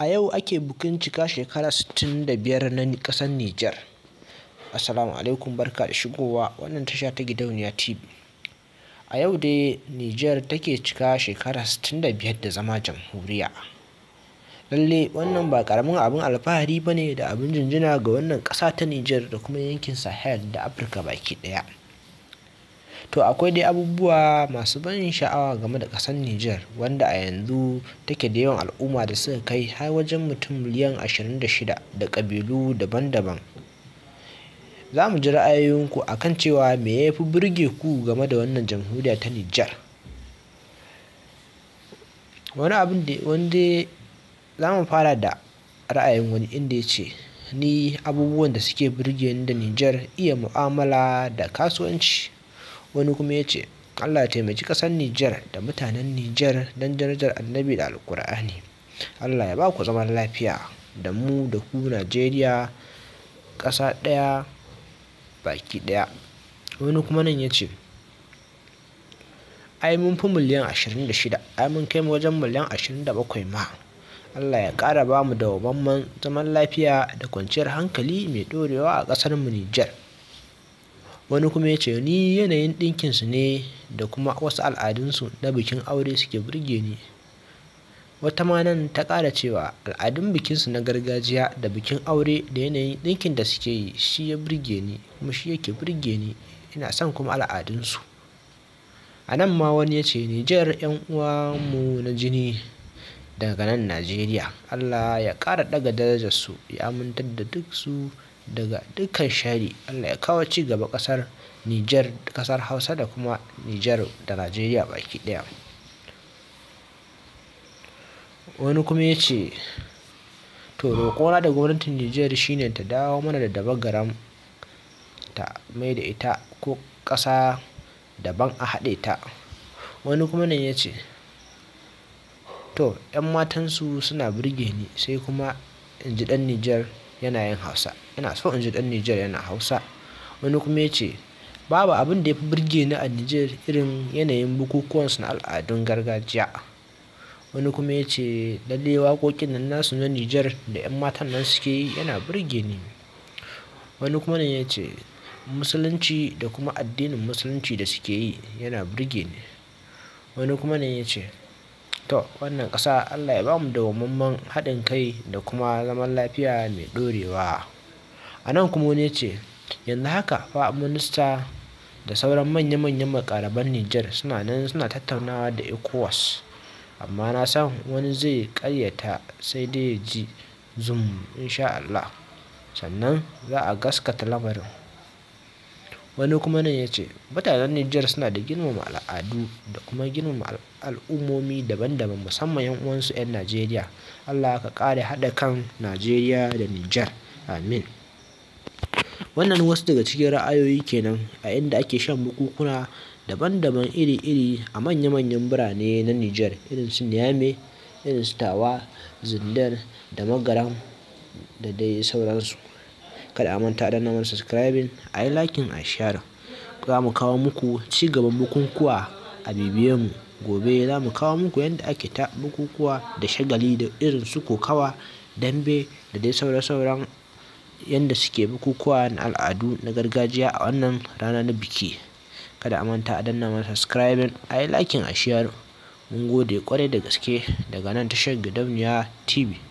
A yau ake bukin cika shekara 65 na ƙasar Nijar. Assalamu alaikum barka da shigowa wannan tasha ta gidauniya TV. A yau dai Nijar take cika shekara 65 da zama jamhuriya. Lalle wannan ba ƙaramin abin alfahari ba ne da abin jinjina ga wannan ƙasa ta Nijar da kuma yankin Sahel da Afirka baki ɗaya. To akwai dai abubuwa masu ban sha'awa game da ƙasar Niger, wanda a yanzu take da yawan al'umma da suka kai har wajen mutum miliyan 26 da ƙabilu daban-daban. Za mu ji ra'ayoyinku a kan cewa me ya fi burge ku game da wannan jamhuriya ta Niger? Wani abin da wanda za mu fara da ra'ayin wani inda ya ce ni abubuwan da suke burge da Niger iya mu'amala da kasuwanci. wani kuma ya ce Allah ya taimaki ƙasar Nijar da mutanen Nijar don darajar annabi da alkur'ani Allah ya ba ku zaman lafiya da mu da ku Najeriya ƙasa ɗaya baki ɗaya wani kuma nan ya ce ai mun fi miliyan 26 ai mun kai wajen miliyan 27 ma Allah ya ƙara ba mu dawamamman zaman lafiya da kwanciyar hankali mai ɗorewa a ƙasar mu Nijar. wani kuma ya ce ni yanayin ɗinkinsu ne da kuma wasu al'adunsu na bikin aure suke burge ni wata ma nan ta ƙara cewa al'adun bikinsu na gargajiya da bikin aure da yanayin ɗinkin da suke yi shi ya burge ni kuma shi yake burge ni ina son kuma al'adunsu a nan ma wani ya ce nijar yan uwanmu na jini daga nan najeriya allah ya ƙara ɗaga darajarsu ya amintar da duk su daga dukkan shari Allah ya kawo ci gaba ƙasar Niger, ƙasar Hausa da kuma Niger da Najeriya baki ɗaya wani kuma ya ce to roƙona da gwamnatin Niger shine ta dawo mana da dabagaram ta mai da ita ko ƙasa daban a haɗe ta wani kuma nan ya ce to 'yan matansu suna burge ni sai kuma in ji ɗan Niger. yanayin hausa ina so in ji ɗan nijar yana hausa wani kuma ya ce babu abin da ya fi birge ni a nijar irin yanayin bukukuwan su na al'adun gargajiya wani kuma ya ce lalle waƙoƙin nan nasu na nijar da 'yan matan nan suke yi yana birge ni wani kuma ne ya ce musulunci da kuma addinin musulunci da suke yi yana birge ni wani kuma ne ya ce To wannan ƙasa Allah ya bamu mummun haɗin kai da kuma zaman lafiya mai ɗorewa. A nan kuma wani ce, yanzu haka fa minista da sauran manya-manyan makaraban Nijar suna nan suna tattaunawa da ECOWAS. Amma na san wani zai ƙaryata sai dai ya ji zum insha Allah. Sannan za a gaskata lamarin. Wani kuma nan ya ce mutanen Nijar suna da girmama al'adu da kuma girmama al'ummomi daban daban musamman 'yan uwansu 'yan Najeriya. Allah ka kare hada kan Najeriya da Nijar. Amin. Wannan wasu daga cikin ra'ayoyi kenan a inda ake shan bukukuwa daban daban iri iri a manya manyan birane na Nijar irin su Niamey, irin su Tawa, Zindar da Magaram da dai sauransu. kada a manta da na subscribing a yi liking a share za mu kawo muku ci gaban bukukuwa a bibiyan mu gobe za mu kawo muku yadda ake ta bukukuwa da shagali da irin su kokawa dambe da dai sauran sauran yadda suke bukukuwa na al'adu na gargajiya a wannan rana na biki kada a manta a danna mana subscribing a yi liking a share mun gode kwarai da gaske daga nan tashar gidauniya tv